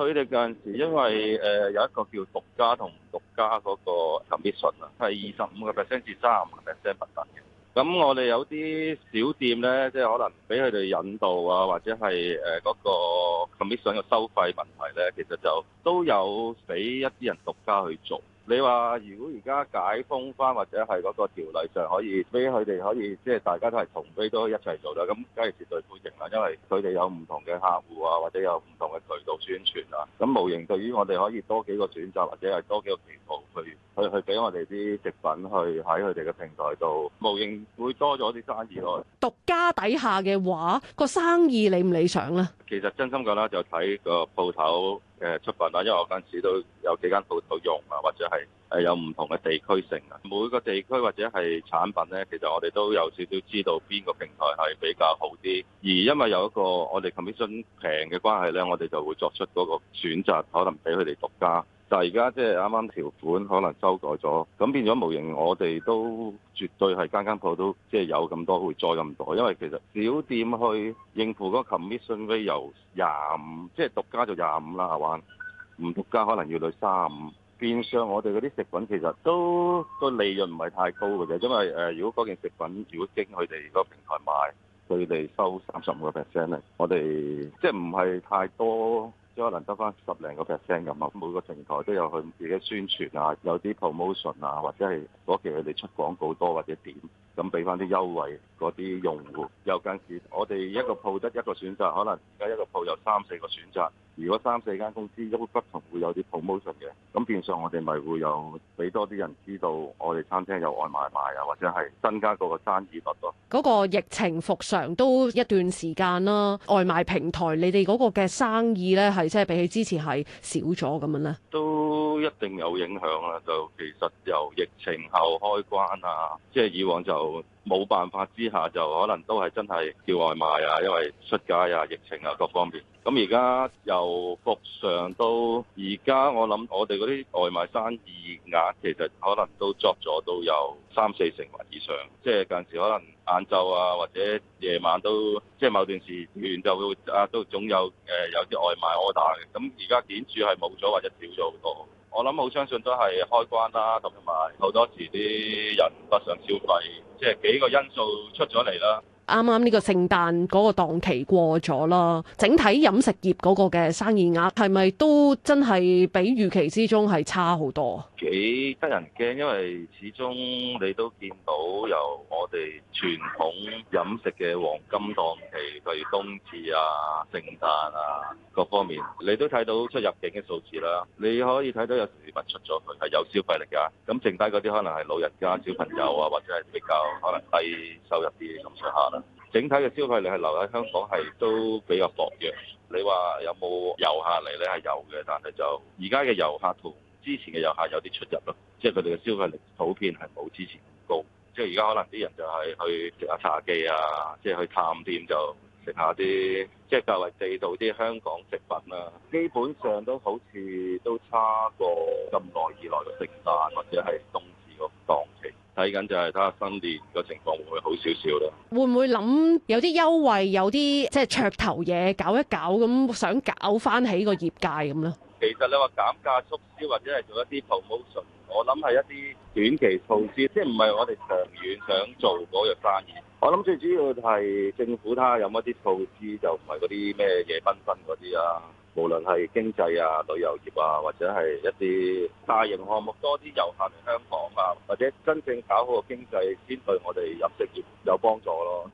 佢哋有陣時，因為誒有一個叫獨家同唔獨家個 commission 啊，係二十五個 percent 至三十五個 percent 唔等嘅。咁我哋有啲小店咧，即係可能俾佢哋引導啊，或者係誒個 commission 嘅收費問題咧，其實就都有俾一啲人獨家去做。你話如果而家解封返或者係嗰個條例上可以俾佢哋可以即係大家都係同佢都一齊做啦，咁梗係絕對歡迎啦，因為佢哋有唔同嘅客戶啊，或者有唔同嘅渠道宣傳啊，咁無形對於我哋可以多幾個選擇或者係多幾個渠道去去去俾我哋啲食品去喺佢哋嘅平台度，無形會多咗啲生意咯。獨家底下嘅話，個生意理唔理想咧？其實真心講咧，就睇個鋪頭。誒出品啦，因為我陣時都有幾間鋪頭用啊，或者係誒有唔同嘅地區性啊。每個地區或者係產品咧，其實我哋都有少少知道邊個平台係比較好啲。而因為有一個我哋 commission 平嘅關係咧，我哋就會作出嗰個選擇，可能俾佢哋獨家。但就而家即係啱啱條款可能修改咗，咁變咗模型，我哋都絕對係間間鋪都即係有咁多會再咁多，因為其實小店去應付嗰 commission 費由廿五，即係獨家就廿五啦，係嘛？唔獨家可能要到三十五。變相我哋嗰啲食品其實都個利潤唔係太高嘅啫，因為誒，如果嗰件食品如果經佢哋個平台賣，佢哋收三十五個 percent 咧，我哋即係唔係太多。即可能得翻十零個 percent 咁啊！每個平台都有佢自己宣傳啊，有啲 promotion 啊，或者係嗰期佢哋出廣告多或者點。咁俾翻啲優惠嗰啲用戶，有間時我哋一個鋪得一個選擇，可能而家一個鋪有三四個選擇。如果三四間公司，一不同會有啲 promotion 嘅，咁變相我哋咪會有俾多啲人知道我哋餐廳有外賣賣啊，或者係增加嗰個生意額囉。嗰個疫情復常都一段時間啦，外賣平台你哋嗰個嘅生意咧，係即係比起之前係少咗咁樣咧？都一定有影響啦。就其實由疫情後開關啊，即係以往就。冇辦法之下，就可能都係真係叫外賣啊，因為出街啊、疫情啊各方面。咁而家又復常都，而家我諗我哋嗰啲外賣生意額其實可能都作咗都有三四成或以上。即係近時可能晏晝啊，或者夜晚都，即係某段時段就會啊，都總有誒、呃、有啲外賣 order 嘅。咁而家顯著係冇咗，或者少咗好多。我諗好相信都係開關啦，同埋好多時啲人不想消費，即係幾個因素出咗嚟啦。啱啱呢個聖誕嗰個檔期過咗啦，整體飲食業嗰個嘅生意額係咪都真係比預期之中係差好多？幾得人驚，因為始終你都見到由我哋傳統飲食嘅黃金檔期，對於冬至啊、聖誕啊各方面，你都睇到出入境嘅數字啦。你可以睇到有市民出咗去係有消費力㗎，咁剩低嗰啲可能係老人家、小朋友啊，或者係比較可能低收入啲咁上下啦。整體嘅消費力係留喺香港係都比較薄弱。你話有冇遊客嚟咧？係有嘅，但係就而家嘅遊客同之前嘅遊客有啲出入咯。即係佢哋嘅消費力普遍係冇之前咁高。即係而家可能啲人就係去食下茶記啊，即係去探店就食下啲即係較為地道啲香港食品啊。基本上都好似都差過咁耐以來嘅聖誕或者係冬至嗰檔。睇緊就係睇下新年個情況會唔會好少少咯？會唔會諗有啲優惠，有啲即係噱頭嘢搞一搞咁，想搞翻起個業界咁咧？其實你話減價促銷或者係做一啲 promotion，我諗係一啲短期措施，即係唔係我哋長遠想做嗰樣生意。我諗最主要係政府，他有冇一啲措施就唔係嗰啲咩嘢繽紛嗰啲啊？無論係經濟啊、旅遊業啊，或者係一啲大型項目多啲遊客嚟香港啊，或者真正搞好個經濟，先對我哋飲食業有幫助咯。